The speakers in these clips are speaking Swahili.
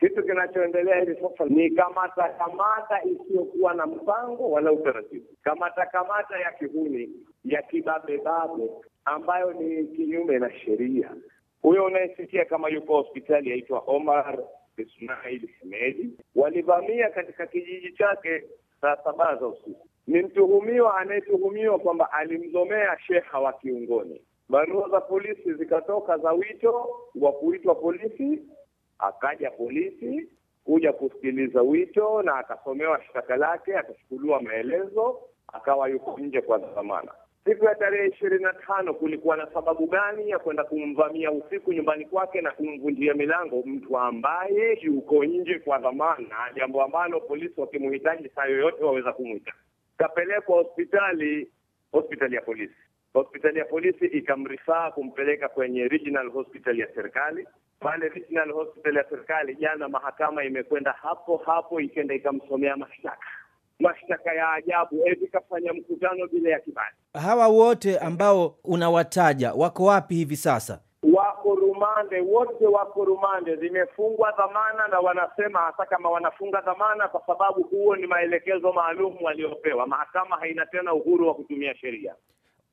Kitu kinachoendelea hivi sasa ni kamata kamata isiyokuwa na mpango wala utaratibu, kamata kamata ya kihuni ya kibabebabe ambayo ni kinyume na sheria. Huyo unayesikia kama yuko hospitali aitwa Omar Ismail Hemedi, walivamia katika kijiji chake saa saba za usiku. Ni mtuhumiwa anayetuhumiwa kwamba alimzomea sheha wa kiungoni. Barua za polisi zikatoka za wito wa kuitwa polisi akaja polisi kuja kusikiliza wito na akasomewa shtaka lake, akachukuliwa maelezo, akawa yuko nje kwa dhamana. Siku ya tarehe ishirini na tano kulikuwa na sababu gani ya kwenda kumvamia usiku nyumbani kwake na kumvunjia milango mtu ambaye yuko nje kwa dhamana, jambo ambalo polisi wakimhitaji saa yoyote waweza kumwita? Kapelekwa hospitali, hospitali ya polisi hospitali ya polisi ikamrifaa kumpeleka kwenye regional hospital ya serikali. Pale regional hospital ya serikali, jana mahakama imekwenda hapo hapo ikenda ikamsomea mashtaka, mashtaka ya ajabu, eti kafanya mkutano bila ya kibali. Hawa wote ambao unawataja wako wapi hivi sasa? Wako rumande, wote wako rumande, zimefungwa dhamana, na wanasema hata kama wanafunga dhamana, kwa sababu huo ni maelekezo maalum waliopewa. Mahakama haina tena uhuru wa kutumia sheria.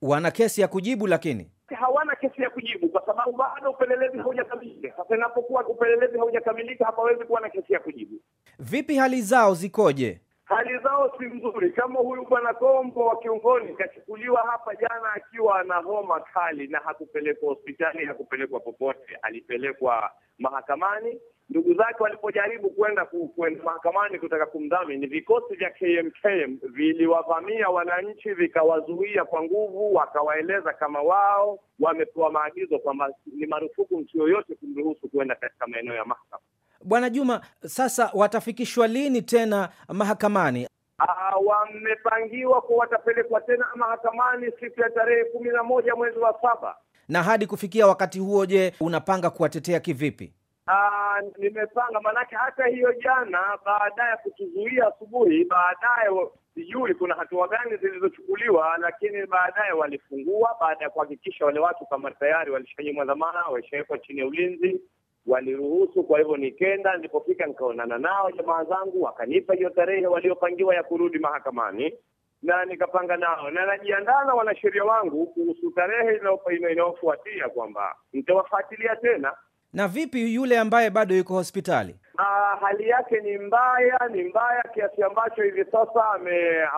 Wana kesi ya kujibu lakini hawana kesi ya kujibu kwa sababu bado upelelezi haujakamilika. Sasa inapokuwa upelelezi haujakamilika, hapawezi kuwa na kesi ya kujibu. Vipi hali zao zikoje? Hali zao si nzuri. Kama huyu bwana Kombo wa Kiongoni kachukuliwa hapa jana akiwa na homa kali, na hakupelekwa hospitali, hakupelekwa popote, alipelekwa mahakamani ndugu zake walipojaribu kwenda kwenda mahakamani kutaka kumdhamini, vikosi vya KMKM viliwavamia wananchi, vikawazuia kwa nguvu, wakawaeleza kama wao wamepewa maagizo kwamba ni marufuku mtu yoyote kumruhusu kwenda katika maeneo ya mahakama. Bwana Juma, sasa watafikishwa lini tena mahakamani? Ah, wamepangiwa kuwa watapelekwa tena mahakamani siku ya tarehe kumi na moja mwezi wa saba. Na hadi kufikia wakati huo, je, unapanga kuwatetea kivipi? Aa, ah, nimepanga, maanake hata hiyo jana, baada ya kutuzuia asubuhi, baadaye sijui kuna hatua gani zilizochukuliwa, lakini baadaye walifungua, baada ya kuhakikisha wale watu kama tayari walishanyimwa dhamana, walishawekwa chini ya ulinzi waliruhusu. Kwa hivyo nikenda, nilipofika nikaonana nao jamaa zangu, wakanipa hiyo tarehe waliopangiwa ya kurudi mahakamani na nikapanga nao na najiandaa na wanasheria wangu kuhusu tarehe inayofuatia, kwamba nitawafuatilia tena na vipi yule ambaye bado yuko hospitali? uh, hali yake ni mbaya, ni mbaya kiasi ambacho hivi sasa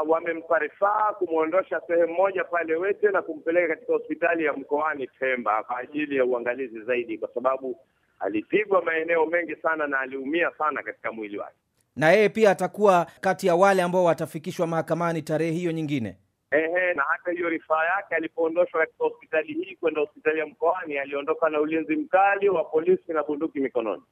wamemparifaa kumwondosha sehemu moja pale Wete na kumpeleka katika hospitali ya mkoani Pemba kwa ajili ya uangalizi zaidi, kwa sababu alipigwa maeneo mengi sana na aliumia sana katika mwili wake. Na yeye pia atakuwa kati ya wale ambao watafikishwa mahakamani tarehe hiyo nyingine. Ehe, na hata hiyo rifaa yake alipoondoshwa katika hospitali hii kwenda hospitali ya mkoani, aliondoka na ulinzi mkali wa polisi na bunduki mikononi.